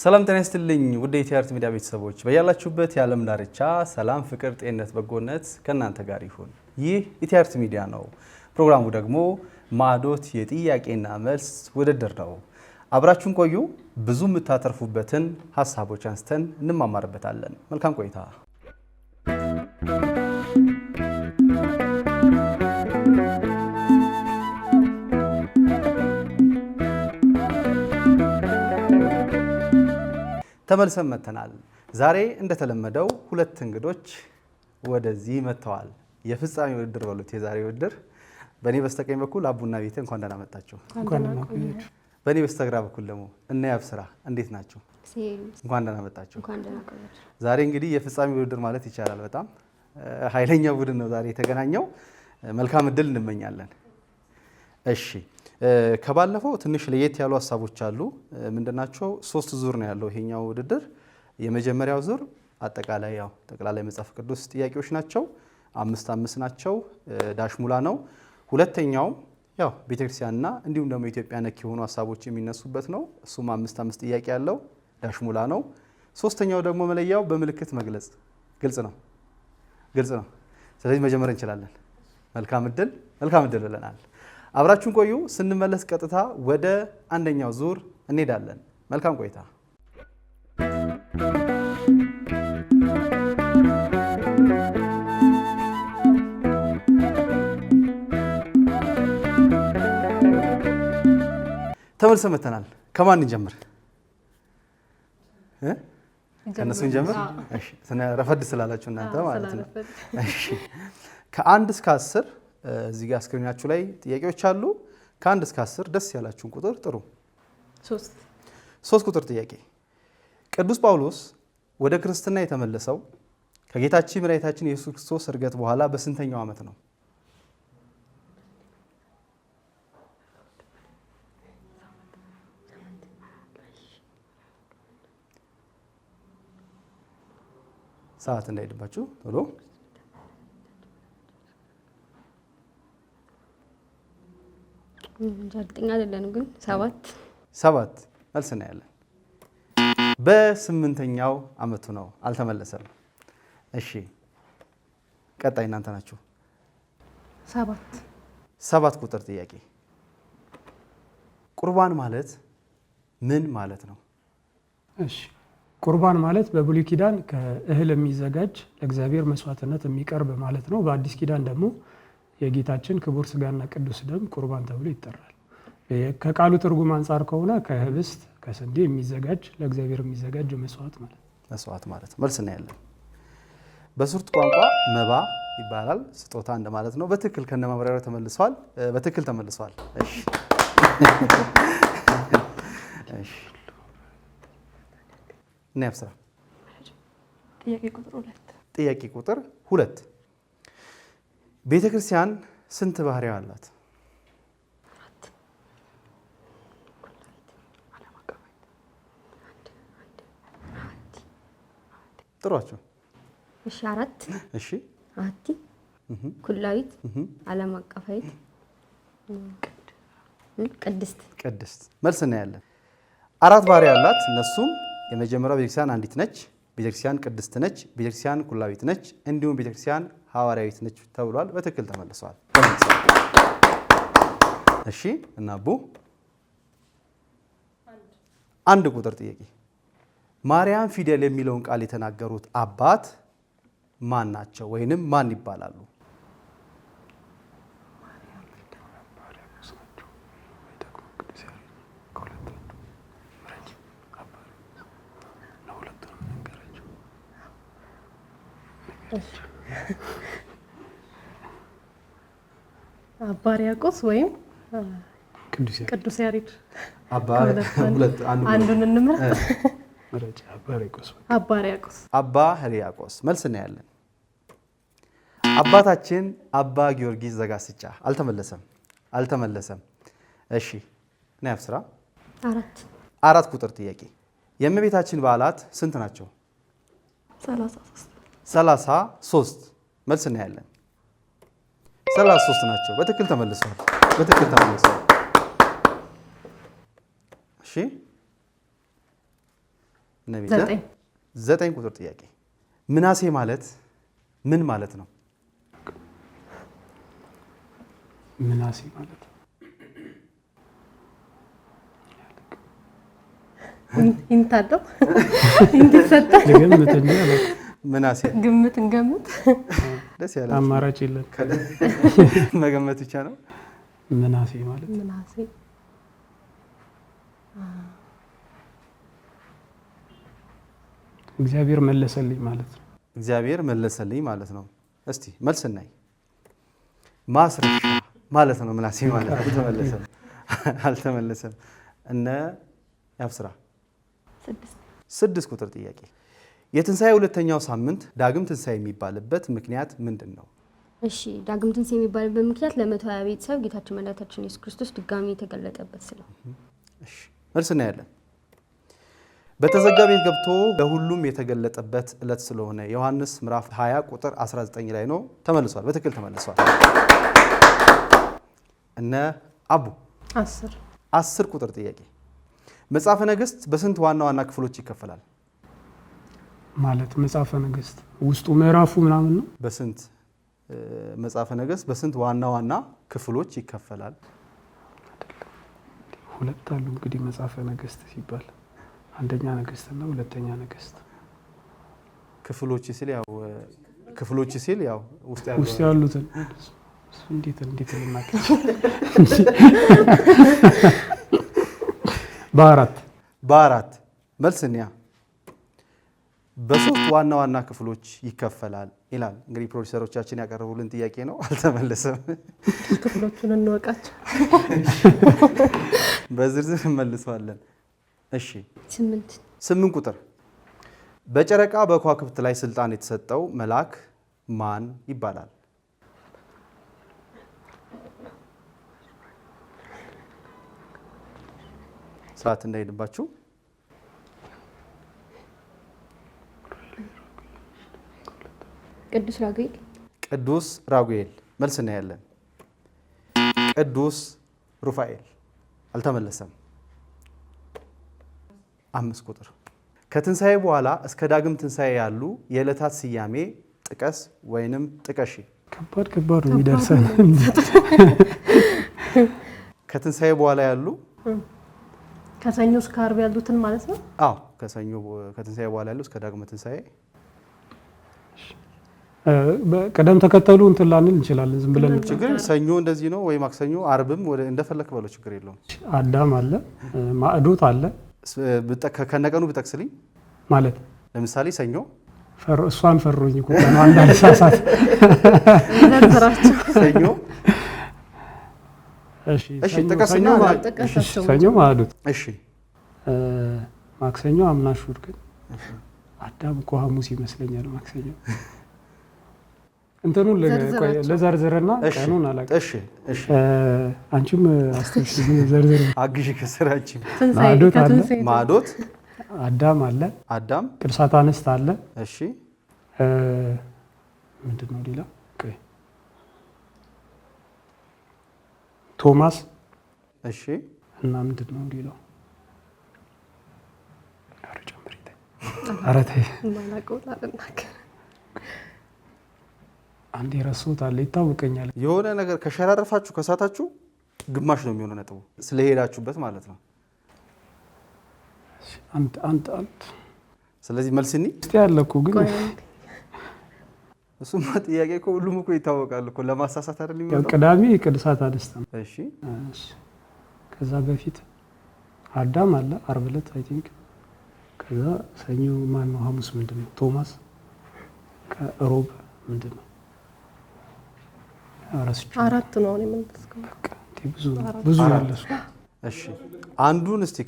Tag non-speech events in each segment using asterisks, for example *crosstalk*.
ሰላም ጤና ይስጥልኝ ውድ ሚዲያ ቤተሰቦች በያላችሁበት የዓለም ዳርቻ ሰላም፣ ፍቅር፣ ጤንነት፣ በጎነት ከእናንተ ጋር ይሁን። ይህ የቲአርቲ ሚዲያ ነው። ፕሮግራሙ ደግሞ ማዕዶት የጥያቄና መልስ ውድድር ነው። አብራችሁን ቆዩ። ብዙ የምታተርፉበትን ሀሳቦች አንስተን እንማማርበታለን። መልካም ቆይታ ተመልሰን መተናል። ዛሬ እንደተለመደው ሁለት እንግዶች ወደዚህ መጥተዋል። የፍጻሜ ውድድር በሉት የዛሬ ውድድር። በእኔ በስተቀኝ በኩል አቡና ቤተ እንኳን ደህና መጣችሁ። በእኔ በስተግራ በኩል ደግሞ እናያብ ስራ እንዴት ናቸው እንኳን ደህና መጣችሁ። ዛሬ እንግዲህ የፍጻሜ ውድድር ማለት ይቻላል በጣም ኃይለኛ ቡድን ነው ዛሬ የተገናኘው። መልካም እድል እንመኛለን። እሺ ከባለፈው ትንሽ ለየት ያሉ ሀሳቦች አሉ። ምንድናቸው? ሶስት ዙር ነው ያለው ይሄኛው ውድድር። የመጀመሪያው ዙር አጠቃላይ ያው ጠቅላላይ መጽሐፍ ቅዱስ ጥያቄዎች ናቸው። አምስት አምስት ናቸው። ዳሽሙላ ነው። ሁለተኛው ያው ቤተክርስቲያንና እንዲሁም ደግሞ ኢትዮጵያ ነክ የሆኑ ሀሳቦች የሚነሱበት ነው። እሱም አምስት አምስት ጥያቄ ያለው ዳሽሙላ ነው። ሶስተኛው ደግሞ መለያው በምልክት መግለጽ ግልጽ ነው፣ ግልጽ ነው። ስለዚህ መጀመር እንችላለን። መልካም እድል፣ መልካም እድል ብለናል። አብራችሁን ቆዩ። ስንመለስ ቀጥታ ወደ አንደኛው ዙር እንሄዳለን። መልካም ቆይታ። ተመልሰ መተናል። ከማን እንጀምር? ከእነሱ እንጀምር። ረፈድ ስላላችሁ እናንተ ማለት ነው። ከአንድ እስከ አስር እዚህ ጋር ስክሪናችሁ ላይ ጥያቄዎች አሉ። ከአንድ እስከ አስር ደስ ያላችሁን ቁጥር ጥሩ። ሶስት ቁጥር ጥያቄ ቅዱስ ጳውሎስ ወደ ክርስትና የተመለሰው ከጌታችን መድኃኒታችን የኢየሱስ ክርስቶስ እርገት በኋላ በስንተኛው ዓመት ነው? ሰዓት እንዳይድባችሁ ቶሎ እርግጠኛ አይደለንም፣ ግን ሰባት ሰባት መልስ ነው በስምንተኛው አመቱ ነው አልተመለሰም። እሺ ቀጣይ እናንተ ናችሁ። ሰባት ሰባት ቁጥር ጥያቄ ቁርባን ማለት ምን ማለት ነው? እሺ ቁርባን ማለት በብሉይ ኪዳን ከእህል የሚዘጋጅ ለእግዚአብሔር መስዋዕትነት የሚቀርብ ማለት ነው። በአዲስ ኪዳን ደግሞ የጌታችን ክቡር ስጋና ቅዱስ ደም ቁርባን ተብሎ ይጠራል። ከቃሉ ትርጉም አንጻር ከሆነ ከህብስት ከስንዴ የሚዘጋጅ ለእግዚአብሔር የሚዘጋጅ መስዋዕት ማለት መስዋዕት ማለት መልስ ነው ያለን። በሱርት ቋንቋ መባ ይባላል። ስጦታ እንደማለት ነው። በትክክል ከነ ማብራሪያው ተመልሷል። በትክክል ተመልሷል። ጥያቄ ቁጥር ሁለት ቤተ ክርስቲያን ስንት ባህሪ አላት? ጥሯቸው። እሺ፣ አራት። እሺ፣ አቲ ኩላዊት፣ ዓለም አቀፋዊት፣ ቅድስት። ቅድስት መልስ እናያለን። አራት ባህሪያ አላት። እነሱም የመጀመሪያው ቤተክርስቲያን አንዲት ነች። ቤተክርስቲያን ቅድስት ነች፣ ቤተክርስቲያን ኩላዊት ነች፣ እንዲሁም ቤተክርስቲያን ሐዋርያዊት ነች ተብሏል። በትክክል ተመልሰዋል። እሺ እና ቡ አንድ ቁጥር ጥያቄ ማርያም ፊደል የሚለውን ቃል የተናገሩት አባት ማን ናቸው? ወይንም ማን ይባላሉ? አባ ሕርያቆስ ወይም ቅዱስ ያሬድ *laughs* አንዱን እንምረጥ። አባ ሕርያቆስ መልስ እናያለን። አባታችን አባ ጊዮርጊስ ዘጋስጫ አልተመለሰም፣ አልተመለሰም። እሺ ናያፍ ስራ አራት ቁጥር ጥያቄ የእመቤታችን በዓላት ስንት ናቸው? 33 መልስ እናያለን። 33 ናቸው። በትክክል ተመልሰዋል። በትክክል ተመልሰዋል። እሺ ዘጠኝ ቁጥር ጥያቄ ምናሴ ማለት ምን ማለት ነው? ምናሴ ማለት ይንታለው ምናሴ ግምት እንገምት። ደስ ያለ አማራጭ የለም፣ መገመት ብቻ ነው። ምናሴ ማለት ምናሴ እግዚአብሔር መለሰልኝ ማለት ነው። እግዚአብሔር መለሰልኝ ማለት ነው። እስቲ መልስ እናይ። ማስረሻ ማለት ነው። ምናሴ ማለት አልተመለሰም፣ አልተመለሰም። እነ ያብስራ ስድስት ቁጥር ጥያቄ የትንሣኤ ሁለተኛው ሳምንት ዳግም ትንሣኤ የሚባልበት ምክንያት ምንድን ነው? እሺ ዳግም ትንሣኤ የሚባልበት ምክንያት ለመቶ ሃያ ቤተሰብ ጌታችን መድኃኒታችን ኢየሱስ ክርስቶስ ድጋሚ የተገለጠበት ስለ መልስ እናያለን። በተዘጋ ቤት ገብቶ ለሁሉም የተገለጠበት ዕለት ስለሆነ ዮሐንስ ምዕራፍ 20 ቁጥር 19 ላይ ነው። ተመልሷል። በትክክል ተመልሷል። እነ አቡ አስር ቁጥር ጥያቄ መጽሐፈ ነገሥት በስንት ዋና ዋና ክፍሎች ይከፈላል? ማለት መጽሐፈ ነገስት ውስጡ ምዕራፉ ምናምን ነው። በስንት መጽሐፈ ነገስት በስንት ዋና ዋና ክፍሎች ይከፈላል? ሁለት አሉ እንግዲህ መጽሐፈ ነገስት ሲባል አንደኛ ነገስት እና ሁለተኛ ነገስት። ክፍሎች ሲል ያው ክፍሎች ሲል ያው ውስጥ ያሉትን እንዴት እንዴት ልናገር *laughs* በአራት በአራት መልስ እኒያ በሶስት ዋና ዋና ክፍሎች ይከፈላል ይላል። እንግዲህ ፕሮፌሰሮቻችን ያቀረቡልን ጥያቄ ነው፣ *laughs* አልተመለሰም። *laughs* ክፍሎቹን እንወቃቸው፣ *laughs* በዝርዝር እንመልሰዋለን። እሺ፣ ስምንት ቁጥር በጨረቃ በከዋክብት ላይ ስልጣን የተሰጠው መልአክ ማን ይባላል? ሰዓት እንዳይሄድባችሁ ቅዱስ ራጉኤል ቅዱስ ራጉኤል መልስ እናያለን። ቅዱስ ሩፋኤል አልተመለሰም። አምስት ቁጥር ከትንሣኤ በኋላ እስከ ዳግም ትንሣኤ ያሉ የዕለታት ስያሜ ጥቀስ ወይንም ጥቀሽ። ከባድ ከባድ ይደርሳል። ከትንሣኤ በኋላ ያሉ ከሰኞ እስከ ዓርብ ያሉትን ማለት ነው። አዎ ከሰኞ ከትንሣኤ በኋላ ያሉ እስከ ዳግም ትንሣኤ ቀደም ተከተሉ እንትን ላንል እንችላለን። ዝም ብለን ችግር ሰኞ እንደዚህ ነው ወይ ማክሰኞ፣ አርብም እንደፈለክ በለው ችግር የለውም። አዳም አለ ማዕዶት አለ ከነቀኑ ብጠቅስልኝ ማለት ለምሳሌ ሰኞ እሷን ፈሮኝ እኮ አንድ አልሳሳት ሰኞ ሰኞ ማዕዶት እሺ ማክሰኞ አምናሹር ግን አዳም እኮ ሐሙስ ይመስለኛል ማክሰኞ እንትኑን ለዘርዝርና ቀኑን አላውቅም። አንቺም አስተሽ ዘርዝር አግሽ ከስራች ማዶት አለ ማዶት አዳም አለ አዳም ቅዱሳት አንስት አለ። እሺ ምንድን ነው ሌላ? ቶማስ እሺ። እና ምንድን ነው ሌላው? ጨምሪ። ኧረ ተይ አንድ የረሱት አለ ይታወቀኛል። የሆነ ነገር ከሸራረፋችሁ ከሳታችሁ ግማሽ ነው የሚሆነ ነጥቡ ስለሄዳችሁበት ማለት ነው። አንድ አንድ አንድ ስለዚህ መልስ ኒ ስ ያለኩ ግን እሱማ ጥያቄ እኮ ሁሉም እኮ ይታወቃል እኮ ለማሳሳት አይደል የሚመጣው። ቅዳሜ ቅዱሳት አደስታ ነው። እሺ ከዛ በፊት አዳም አለ ዓርብ ዕለት አይ ቲንክ ከዛ ሰኞ ማነው ሐሙስ ምንድን ነው ቶማስ ከሮብ ምንድን ነው አራት ነው አሁን የምንጠቀመው። አንዱን እስቲ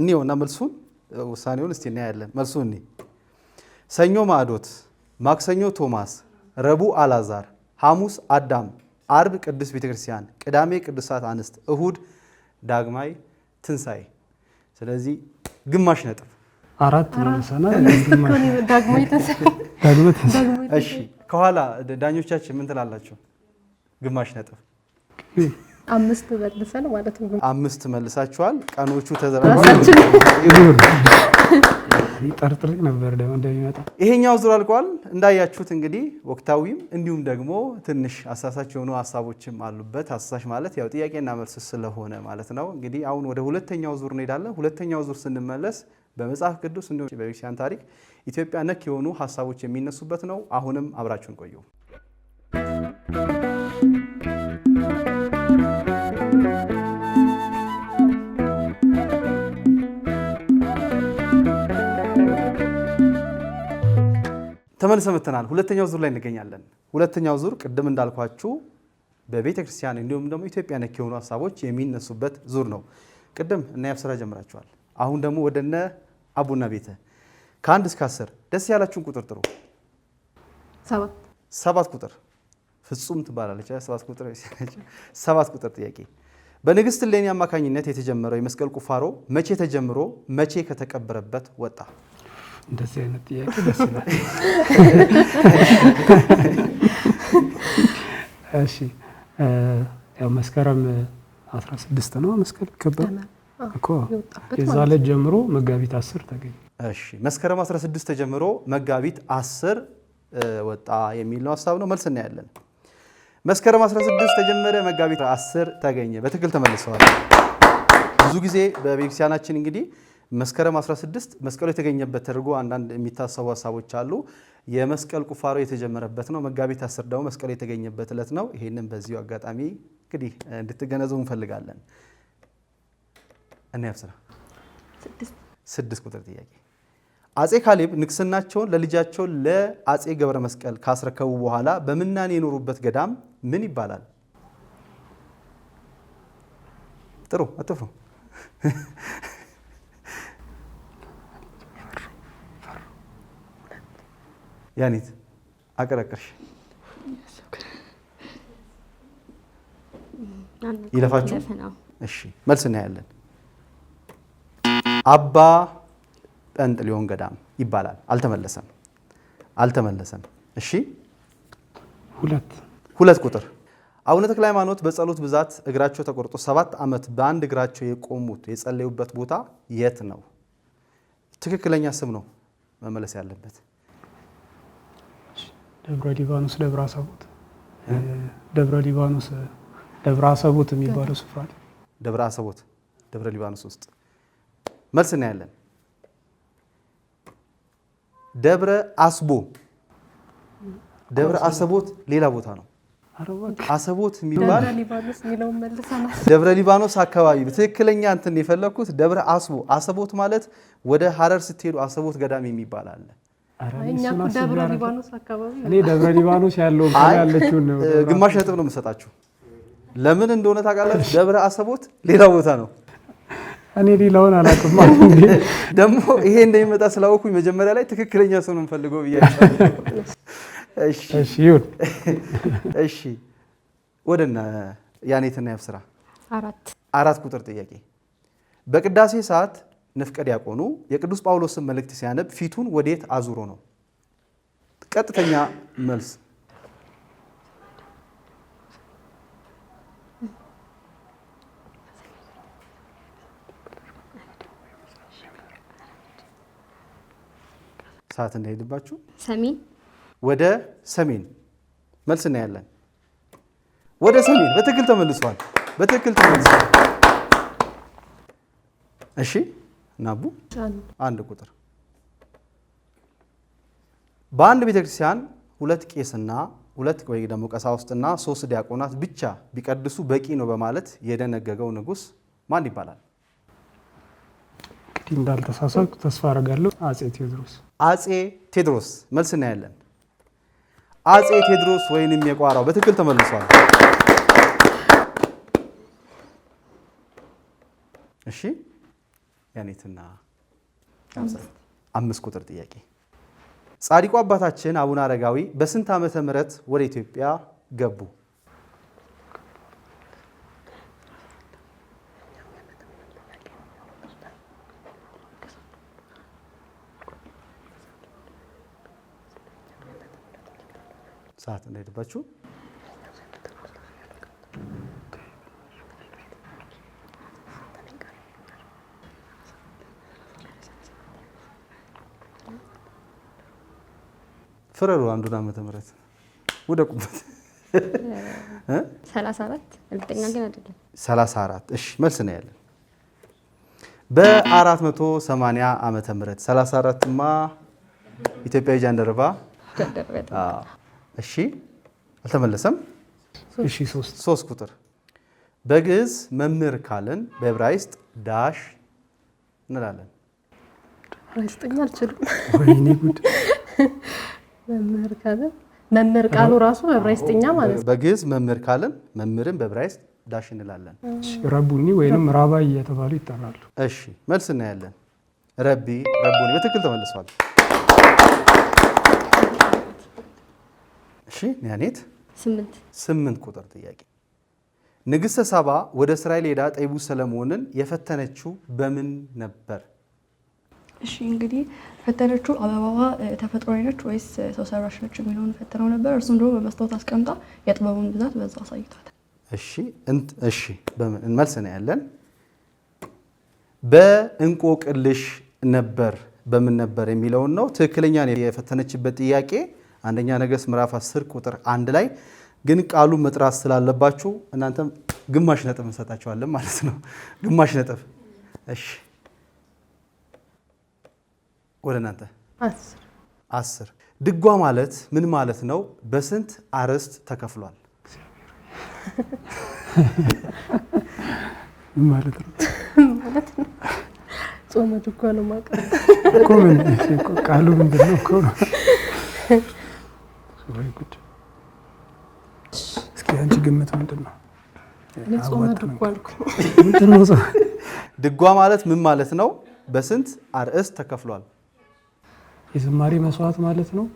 እኔው እና መልሱን ውሳኔውን እስቲ እናያለን። መልሱ እኔ ሰኞ ማዕዶት፣ ማክሰኞ ቶማስ፣ ረቡዕ አላዛር፣ ሐሙስ አዳም፣ አርብ ቅዱስ ቤተክርስቲያን፣ ቅዳሜ ቅዱሳት አንስት፣ እሁድ ዳግማይ ትንሣኤ። ስለዚህ ግማሽ ነጥብ አራት ዳግማይ ትንሣኤ። እሺ ከኋላ ዳኞቻችን ምን ትላላቸው? ግማሽ ነጥብ አምስት መልሰን ማለት ነው። አምስት መልሳችኋል። ቀኖቹ ተዘራራችሁ ነበር ደግሞ እንደሚመጣ ይሄኛው ዙር አልቋል። እንዳያችሁት እንግዲህ ወቅታዊም እንዲሁም ደግሞ ትንሽ አሳሳች የሆኑ ሀሳቦችም አሉበት። አሳሳሽ ማለት ያው ጥያቄና መልስ ስለሆነ ማለት ነው። እንግዲህ አሁን ወደ ሁለተኛው ዙር እንሄዳለን። ሁለተኛው ዙር ስንመለስ በመጽሐፍ ቅዱስ እንዲሁም በቤተክርስቲያን ታሪክ ኢትዮጵያ ነክ የሆኑ ሀሳቦች የሚነሱበት ነው። አሁንም አብራችሁን ቆዩ። ተመልሰ መተናል። ሁለተኛው ዙር ላይ እንገኛለን። ሁለተኛው ዙር ቅድም እንዳልኳችሁ በቤተ ክርስቲያን እንዲሁም ደግሞ ኢትዮጵያ ነክ የሆኑ ሀሳቦች የሚነሱበት ዙር ነው። ቅድም እና ያብስራ ጀምራችኋል። አሁን ደግሞ ወደነ አቡና ቤተ ከአንድ እስከ አስር ደስ ያላችሁን ቁጥር ጥሩ። ሰባት ቁጥር ፍጹም ትባላለች። *laughs* ሰባት ቁጥር ጥያቄ በንግስት እሌኒ አማካኝነት የተጀመረው የመስቀል ቁፋሮ መቼ ተጀምሮ መቼ ከተቀበረበት ወጣ? እንደዚህ አይነት ጥያቄ ደስ ይላል። *laughs* እሺ ያው መስከረም 16 ነው መስቀል ይከበር እኮ የዛ ዕለት ጀምሮ መጋቢት 10 ተገኘ። እሺ መስከረም 16 ተጀምሮ መጋቢት 10 ወጣ የሚል ነው ሀሳብ ነው። መልስ እናያለን። መስከረም 16 ተጀመረ፣ መጋቢት 10 ተገኘ። በትክክል ተመልሰዋል። ብዙ ጊዜ በቤተክርስቲያናችን እንግዲህ መስከረም 16 መስቀሉ የተገኘበት ተደርጎ አንዳንድ የሚታሰቡ ሀሳቦች አሉ። የመስቀል ቁፋሮ የተጀመረበት ነው። መጋቢት አስር ደግሞ መስቀሉ የተገኘበት እለት ነው። ይሄንን በዚሁ አጋጣሚ እንግዲህ እንድትገነዘቡ እንፈልጋለን። እና ያብስራ ስድስት ቁጥር ጥያቄ አጼ ካሌብ ንግስናቸውን ለልጃቸው ለአጼ ገብረ መስቀል ካስረከቡ በኋላ በምናኔ የኖሩበት ገዳም ምን ይባላል? ጥሩ አትፍሩ። ያኒት አቀረቅርሽ ይለፋችሁ። እሺ መልስ እናያለን። አባ ሊሆን ገዳም ይባላል። አልተመለሰም፣ አልተመለሰም። እሺ ሁለት ሁለት ቁጥር አቡነ ተክለ ሃይማኖት በጸሎት ብዛት እግራቸው ተቆርጦ ሰባት ዓመት በአንድ እግራቸው የቆሙት የጸለዩበት ቦታ የት ነው? ትክክለኛ ስም ነው መመለስ ያለበት። ደብረ ሊባኖስ ደብረ አሳቦት ደብረ ሊባኖስ ደብረ አሳቦት የሚባለው ስፍራ ደብረ አሳቦት ደብረ ሊባኖስ ውስጥ መልስ ነው ያለን። ደብረ አስቦ ደብረ አሰቦት ሌላ ቦታ ነው። አሰቦት የሚባል ደብረ ሊባኖስ አካባቢ በትክክለኛ እንትን የፈለግኩት ደብረ አስቦ አሰቦት ማለት ወደ ሀረር ስትሄዱ አሰቦት ገዳም የሚባል አለ። እኔ ደብረ ሊባኖስ ያለው ያለችው ግማሽ ነጥብ ነው የምሰጣችሁ። ለምን እንደሆነ ታውቃላችሁ? ደብረ አሰቦት ሌላ ቦታ ነው። እኔ ሌላውን አላውቅም። ደግሞ ይሄ እንደሚመጣ ስላወኩኝ መጀመሪያ ላይ ትክክለኛ ሰው ነው የምፈልገው ብዬ። እሺ ወደ ያኔትና ያብስራ አራት ቁጥር ጥያቄ በቅዳሴ ሰዓት ንፍቀ ዲያቆኑ የቅዱስ ጳውሎስን መልእክት ሲያነብ ፊቱን ወዴት አዙሮ ነው? ቀጥተኛ መልስ ሰዓት እንዳይሄድባችሁ ሰሜን ወደ ሰሜን መልስ እናያለን። ወደ ሰሜን በትክክል ተመልሷል። በትክክል ተመልሷል። እሺ ናቡ አንድ ቁጥር በአንድ ቤተክርስቲያን ሁለት ቄስና ሁለት ወይ ደግሞ ቀሳውስትና ሶስት ዲያቆናት ብቻ ቢቀድሱ በቂ ነው በማለት የደነገገው ንጉስ ማን ይባላል? እንግዲህ እንዳልተሳሳትኩ ተስፋ አደርጋለሁ። አጼ ቴዎድሮስ። አጼ ቴዎድሮስ መልስ እናያለን። አጼ ቴዎድሮስ ወይንም የቋራው በትክክል ተመልሷል። እሺ ያኔትና አምስት ቁጥር ጥያቄ ጻድቁ አባታችን አቡነ አረጋዊ በስንት ዓመተ ምህረት ወደ ኢትዮጵያ ገቡ? ሰዓት እንዳይደባችሁ ፍረሩ አንዱን ዓመተ ምህረት ውደቁበት። ሰላሳ አራት እሺ፣ መልስ ነው ያለን። በ480 ዓመተ ምህረት 34ማ ኢትዮጵያዊ ጃንደረባ እሺ፣ አልተመለሰም። እሺ፣ ሶስት ቁጥር በግዕዝ መምህር ካለን በዕብራይስጥ ዳሽ እንላለን። ዕብራይስጥኛ አልችልም። ወይኔ ጉድ *laughs* መምህር ቃሉ ራሱ በዕብራይስጥኛ ማለት ነው። በግዕዝ መምህር መምህርን በዕብራይስጥ ዳሽ እንላለን። ረቡኒ ወይንም ራባይ እየተባሉ ይጠራሉ። እሺ መልስ እናያለን። ረቢ ረቡኒ በትክክል ተመልሷል። እሺ ስምንት ቁጥር ጥያቄ ንግሥተ ሳባ ወደ እስራኤል ሄዳ ጠቢቡ ሰለሞንን የፈተነችው በምን ነበር? እሺ እንግዲህ ፈተነችው አበባዋ ተፈጥሯዊ ነች ወይስ ሰው ሰራሽ ነች የሚለውን ፈተነው ነበር። እርሱም ደግሞ በመስታወት አስቀምጣ የጥበቡን ብዛት በዛ አሳይቷታል። እሺ እሺ መልስ ነው ያለን። በእንቆቅልሽ ነበር በምን ነበር የሚለውን ነው ትክክለኛ የፈተነችበት ጥያቄ አንደኛ ነገሥት ምዕራፍ 10 ቁጥር አንድ ላይ ግን ቃሉ መጥራት ስላለባችሁ እናንተም ግማሽ ነጥብ እንሰጣችኋለን ማለት ነው። ግማሽ ነጥብ እሺ ወደ እናንተ አስር ድጓ ማለት ምን ማለት ነው? በስንት አርዕስት ተከፍሏል? ማለት ነው ጾመ ድጓ ነው ቃሉ ምንድን ነው? እስኪ አንቺ ግምት ምንድን ነው? ድጓ ማለት ምን ማለት ነው? በስንት አርዕስት ተከፍሏል? የዝማሬ መስዋዕት ማለት ነው።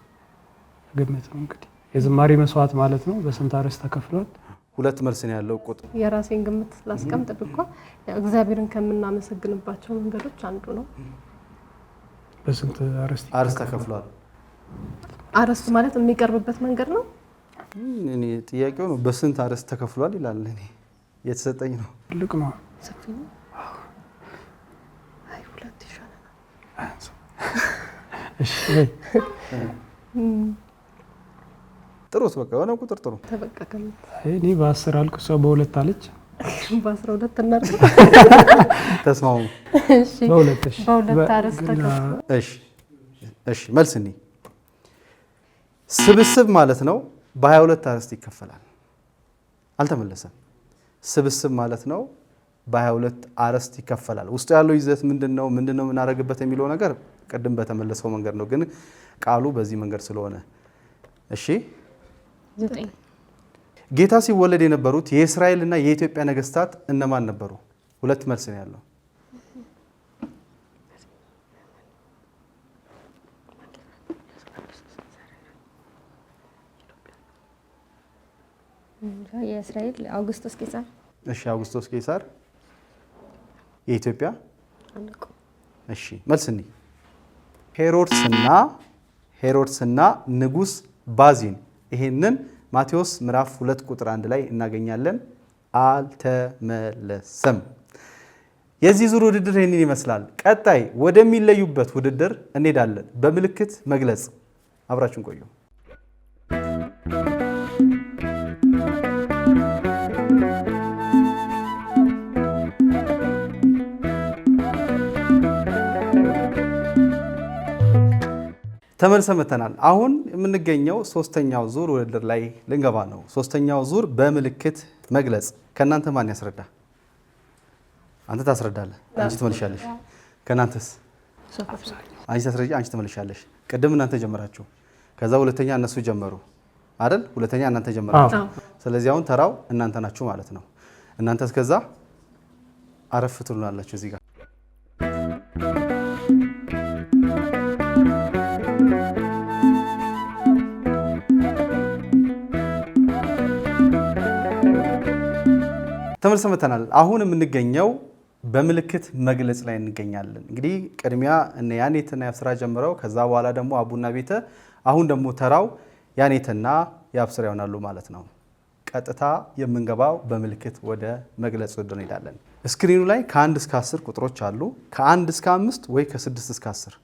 ግምት ነው እንግዲህ የዝማሬ መስዋዕት ማለት ነው። በስንት አርዕስት ተከፍሏል? ሁለት መልስ ነው ያለው ቁጥር። የራሴን ግምት ላስቀምጥ ብኳ እግዚአብሔርን ከምናመሰግንባቸው መንገዶች አንዱ ነው። በስንት አርዕስት ተከፍሏል? አርዕስቱ ማለት የሚቀርብበት መንገድ ነው። እኔ ጥያቄው ነው በስንት አርዕስት ተከፍሏል ይላል። እኔ የተሰጠኝ ነው። ትልቅ ነው። ሰፊ ነው። አይ ሁለት ይሻለናል። *laughs* ጥሩት በቃ የሆነ ቁጥር ጥሩ እኔ በአስር አልኩ፣ እሷ በሁለት አለች። *laughs* በአስራ ሁለት እናድርግ። *laughs* ተስማሙ። እሺ መልስ እኔ ስብስብ ማለት ነው። በሀያ ሁለት አርዕስት ይከፈላል። አልተመለሰም። ስብስብ ማለት ነው። በሀያ ሁለት አርዕስት ይከፈላል። ውስጡ ያለው ይዘት ምንድን ነው? ምንድን ነው የምናደርግበት የሚለው ነገር ቅድም በተመለሰው መንገድ ነው፣ ግን ቃሉ በዚህ መንገድ ስለሆነ እሺ። ጌታ ሲወለድ የነበሩት የእስራኤልና የኢትዮጵያ ነገስታት እነማን ነበሩ? ሁለት መልስ ነው ያለው። የእስራኤል አውግስጦስ ቄሳር። እሺ፣ አውግስጦስ ቄሳር የኢትዮጵያ። እሺ መልስ እንይ ሄሮድስና ሄሮድስና ንጉስ ባዚን ይሄንን ማቴዎስ ምዕራፍ 2 ቁጥር አንድ ላይ እናገኛለን። አልተመለሰም። የዚህ ዙር ውድድር ይህንን ይመስላል። ቀጣይ ወደሚለዩበት ውድድር እንሄዳለን። በምልክት መግለጽ አብራችን ቆዩ። ተመልሰ መተናል። አሁን የምንገኘው ሶስተኛው ዙር ውድድር ላይ ልንገባ ነው። ሶስተኛው ዙር በምልክት መግለጽ። ከእናንተ ማን ያስረዳ? አንተ ታስረዳለህ፣ አንቺ ትመልሻለሽ። ከእናንተስ አንቺ ታስረጂ፣ አንቺ ትመልሻለሽ። ቅድም እናንተ ጀመራችሁ፣ ከዛ ሁለተኛ እነሱ ጀመሩ አይደል? ሁለተኛ እናንተ ጀመራችሁ። ስለዚህ አሁን ተራው እናንተ ናችሁ ማለት ነው። እናንተ እስከዛ አረፍ ትሉናላችሁ እዚህ ጋር ሰምተናል። አሁን የምንገኘው በምልክት መግለጽ ላይ እንገኛለን። እንግዲህ ቅድሚያ እነ ያኔትና ያብስራ ጀምረው ከዛ በኋላ ደግሞ አቡና ቤተ አሁን ደግሞ ተራው ያኔትና ያብስራ ይሆናሉ ማለት ነው። ቀጥታ የምንገባው በምልክት ወደ መግለጽ ወደ እንሄዳለን። ስክሪኑ ላይ ከአንድ እስከ አስር ቁጥሮች አሉ። ከአንድ እስከ አምስት ወይ ከስድስት እስከ አስር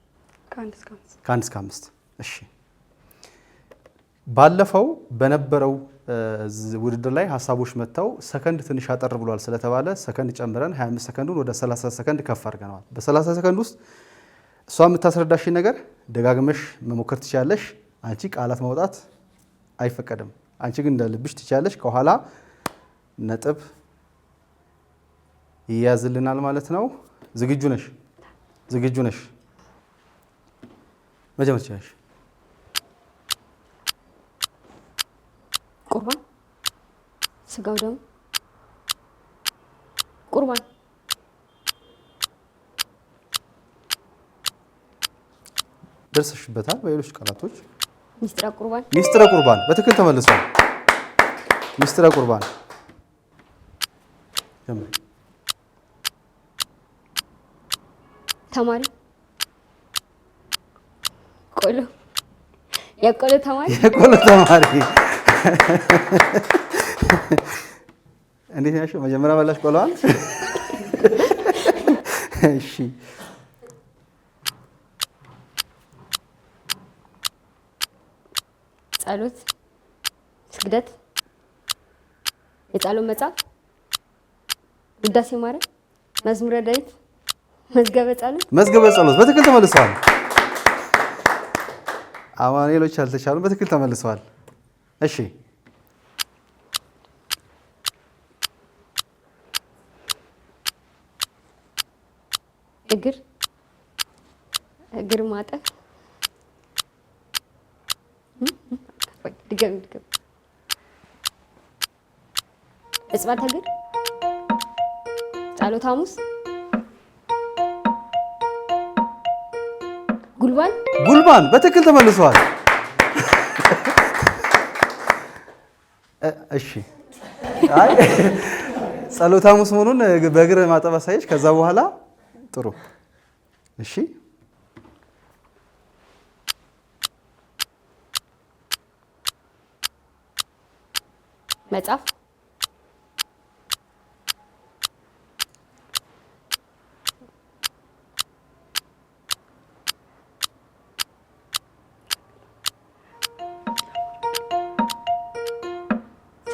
ከአንድ እስከ አምስት እሺ። ባለፈው በነበረው ውድድር ላይ ሀሳቦች መጥተው ሰከንድ ትንሽ አጠር ብሏል ስለተባለ ሰከንድ ጨምረን 25 ሰከንዱን ወደ 30 ሰከንድ ከፍ አድርገነዋል። በ30 ሰከንድ ውስጥ እሷ የምታስረዳሽ ነገር ደጋግመሽ መሞከር ትችላለሽ። አንቺ ቃላት ማውጣት አይፈቀድም። አንቺ ግን እንደልብሽ ትችላለሽ። ከኋላ ነጥብ ይያዝልናል ማለት ነው። ዝግጁ ነሽ? ዝግጁ ነሽ? መጀመር ትችላለሽ። ቁርባን ስጋው ደግሞ ቁርባን ደርሰሽበታል። በሌሎች ቃላቶች ሚስጥረ ቁርባን ሚስጥረ ቁርባን በትክክል ተመልሷል። ሚስጥረ ቁርባን ተማሪ ቆሎ የቆሎ ተማሪ የቆሎ ተማሪ *laughs* እንዴት ናቸው? መጀመሪያ በላሽ ቆለዋል። *laughs* እሺ ጸሎት፣ ስግደት፣ የቃሉን መጽሐፍ፣ ውዳሴ ማርያም፣ መዝሙረ ዳዊት፣ መዝገበ ጸሎት መዝገበ ጸሎት በትክክል ተመልሰዋል። አማኑኤሎች አልተቻሉም። በትክክል ተመልሰዋል። እሺ እግር እግር ማጠፍ ድገም ድገም እጽበት እግር ጸሎተ ሐሙስ ጉልባን ጉልባን በትክክል ተመልሷል። እሺ አይ ጸሎተ ሐሙስ መሆኑን በእግር ማጠብ አሳየች። ከዛ በኋላ ጥሩ እሺ መጽሐፍ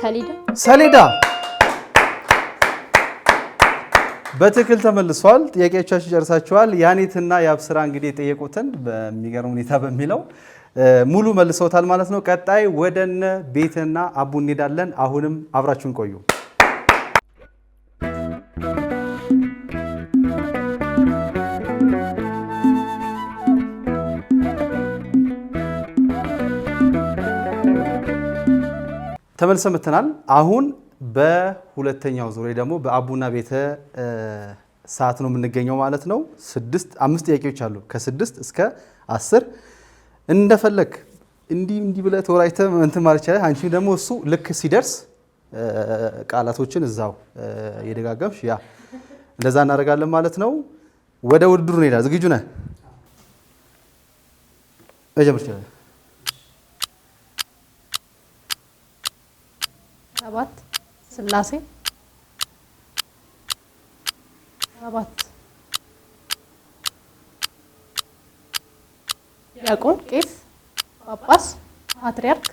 ሰሌዳ ሰሌዳ በትክክል ተመልሷል። ጥያቄዎቻችሁ ጨርሳችኋል። ያኔትና የአብስራ እንግዲህ የጠየቁትን በሚገርም ሁኔታ በሚለው ሙሉ መልሰውታል ማለት ነው። ቀጣይ ወደነ ቤትና አቡ እንሄዳለን። አሁንም አብራችሁን ቆዩ። ተመልሰ መጥተናል። አሁን በሁለተኛው ዙር ደግሞ በአቡና ቤተ ሰዓት ነው የምንገኘው ማለት ነው። ስድስት አምስት ጥያቄዎች አሉ ከስድስት እስከ አስር እንደፈለግ እንዲህ እንዲህ ብለህ ተወራጅተ እንትን ማለት ይቻላል። አንቺ ደግሞ እሱ ልክ ሲደርስ ቃላቶችን እዛው የደጋገምሽ ያ እንደዛ እናደርጋለን ማለት ነው። ወደ ውድድሩ ነው ዝግጁ ነህ? መጀመር ይችላል ሰባት ስላሴ ሰባት ዲያቆን፣ ቄስ፣ ጳጳስ፣ ፓትሪያርክ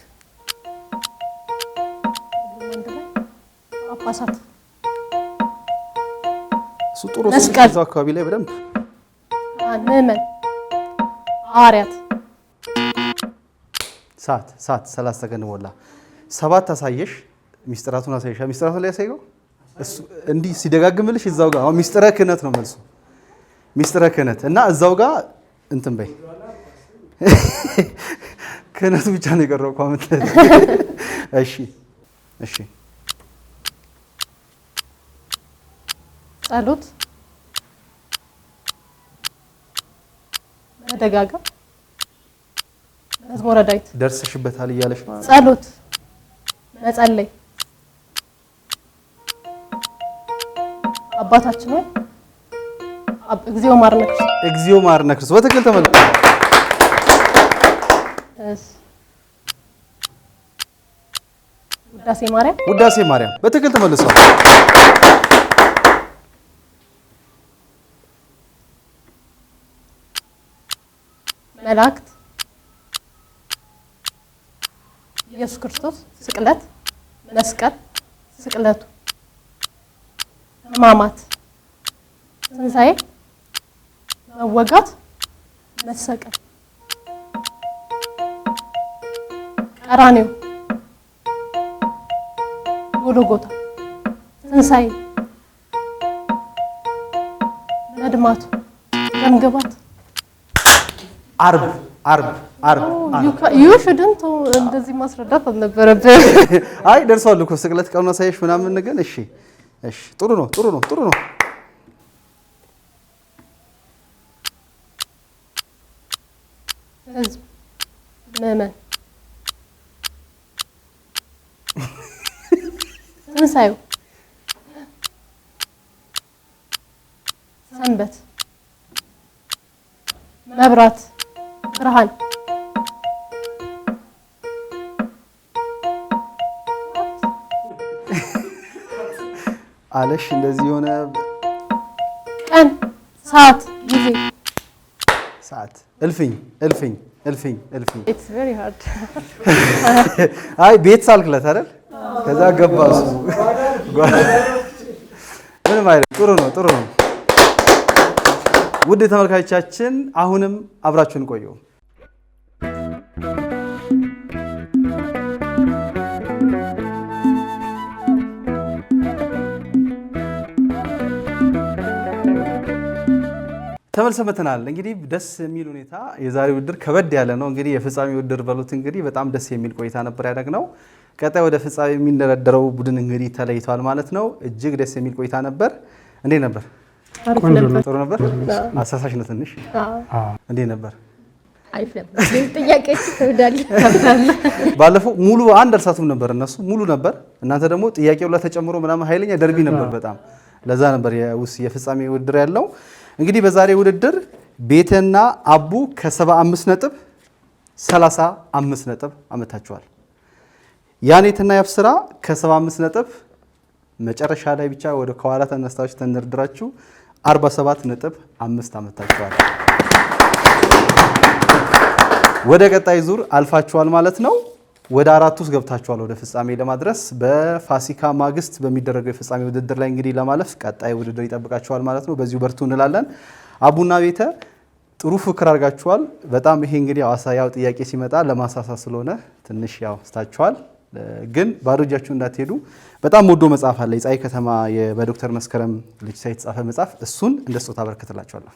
ጳጳሳት መስቀል አካባቢ ላይ በደንብ ምዕመን ሐዋርያት ሰዓት ሰዓት ሰላሳ ሰከንድ ሞላ ሰባት አሳየሽ። ሚስጥራቱን አሳይሻ ሚስጥራቱን ላይ ያሳየው እንዲህ ሲደጋግምልሽ እዛው ጋር አሁን ሚስጥረ ክህነት ነው መልሱ። ሚስጥረ ክህነት እና እዛው ጋር እንትን በይ *laughs* ክህነቱ ብቻ ነው የቀረው እኮ አመት። *laughs* እሺ እሺ። ጸሎት መደጋገም መዝሙረ ዳዊት ደርሰሽበታል እያለሽ ማለት ጸሎት መጸለይ አባታችን ሆይ እግዚኦ ማርነ ክርስቶስ፣ እግዚኦ ማርነ ክርስቶስ። በትክክል ተመልኩ። ውዳሴ ማርያም፣ ውዳሴ ማርያም። በትክክል ተመልሷል። መላእክት፣ ኢየሱስ ክርስቶስ፣ ስቅለት፣ መስቀል፣ ስቅለቱ ህማማት፣ ትንሣኤ፣ መወጋት፣ መሰቀል፣ ቀራኔው ጎልጎታ፣ ትንሣኤ፣ መድማቱ፣ መምግባት አርብ አርብ አርብ ዩ እንደዚህ ማስረዳት አልነበረብህ። አይ ደርሷል እኮ ስቅለት ቀኑ ሳይሽ ምናምን ግን እሺ እሺ፣ ጥሩ ነው፣ ጥሩ ነው፣ ጥሩ ነው። ህዝብ ምዕመን ትንሳኤው ሰንበት መብራት ብርሃን አለሽ እንደዚህ የሆነ ቀን ሰዓት ጊዜ ሰዓት እልፍኝ እልፍኝ እልፍኝ እልፍኝ ኢትስ ቬሪ ሃርድ አይ ቤት ሳልክለት አይደል? ከዛ ገባ እሱ ምንም አይደለም። ጥሩ ነው ጥሩ ነው። ውድ ተመልካቾቻችን አሁንም አብራችሁን ቆዩ። ተመልሰን እንግዲህ ደስ የሚል ሁኔታ የዛሬ ውድድር ከበድ ያለ ነው። እንግዲህ የፍጻሜ ውድድር በሉት እንግዲህ በጣም ደስ የሚል ቆይታ ነበር ያደረግነው። ቀጣይ ወደ ፍጻሜ የሚንደረደረው ቡድን እንግዲህ ተለይቷል ማለት ነው። እጅግ ደስ የሚል ቆይታ ነበር። እንዴት ነበር? ጥሩ ነበር። አሳሳሽ ነው ትንሽ። እንዴት ነበር? *laughs* ባለፈው ሙሉ አንድ እርሳቱም ነበር፣ እነሱ ሙሉ ነበር። እናንተ ደግሞ ጥያቄው ላይ ተጨምሮ ምናምን ኃይለኛ ደርቢ ነበር። በጣም ለዛ ነበር የውስ የፍጻሜ ውድድር ያለው እንግዲህ በዛሬ ውድድር ቤተና አቡ ከ75 ነጥብ 35 ነጥብ አመታቸዋል። ያኔትና ያፍስራ ከ75 ነጥብ መጨረሻ ላይ ብቻ ወደ ከኋላ ተነስታችሁ ተንደርድራችሁ 47 ነጥብ 5 አመታቸዋል። ወደ ቀጣይ ዙር አልፋችኋል ማለት ነው። ወደ አራት ውስጥ ገብታችኋል። ወደ ፍጻሜ ለማድረስ በፋሲካ ማግስት በሚደረገው የፍጻሜ ውድድር ላይ እንግዲህ ለማለፍ ቀጣይ ውድድር ይጠብቃችኋል ማለት ነው። በዚሁ በርቱ እንላለን። አቡና ቤተ ጥሩ ፍክር አድርጋችኋል። በጣም ይሄ እንግዲህ ያው ጥያቄ ሲመጣ ለማሳሳት ስለሆነ ትንሽ ያው ስታችኋል፣ ግን ባዶ እጃችሁ እንዳትሄዱ። በጣም ወዶ መጽሐፍ አለ የፀሐይ ከተማ በዶክተር መስከረም ልጅ ሳይ የተጻፈ መጽሐፍ፣ እሱን እንደ ስጦታ አበረክትላችኋለሁ።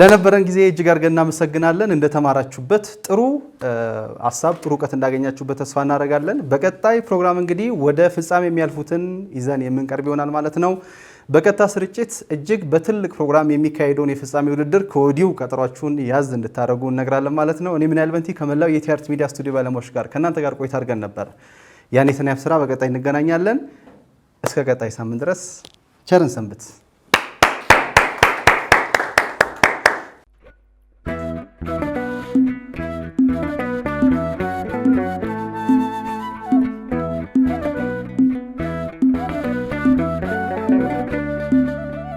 ለነበረን ጊዜ እጅግ አድርገን እናመሰግናለን። እንደተማራችሁበት ጥሩ ሀሳብ፣ ጥሩ እውቀት እንዳገኛችሁበት ተስፋ እናደርጋለን። በቀጣይ ፕሮግራም እንግዲህ ወደ ፍጻሜ የሚያልፉትን ይዘን የምንቀርብ ይሆናል ማለት ነው። በቀጥታ ስርጭት እጅግ በትልቅ ፕሮግራም የሚካሄደውን የፍጻሜ ውድድር ከወዲሁ ቀጠሯችሁን ያዝ እንድታደርጉ እነግራለን ማለት ነው። እኔ ምናል በንቲ ከመላው የቲአርቲ ሚዲያ ስቱዲዮ ባለሙያዎች ጋር ከእናንተ ጋር ቆይታ አድርገን ነበር። ያን የተናያፍ ስራ በቀጣይ እንገናኛለን። እስከ ቀጣይ ሳምንት ድረስ ቸርን ሰንብት።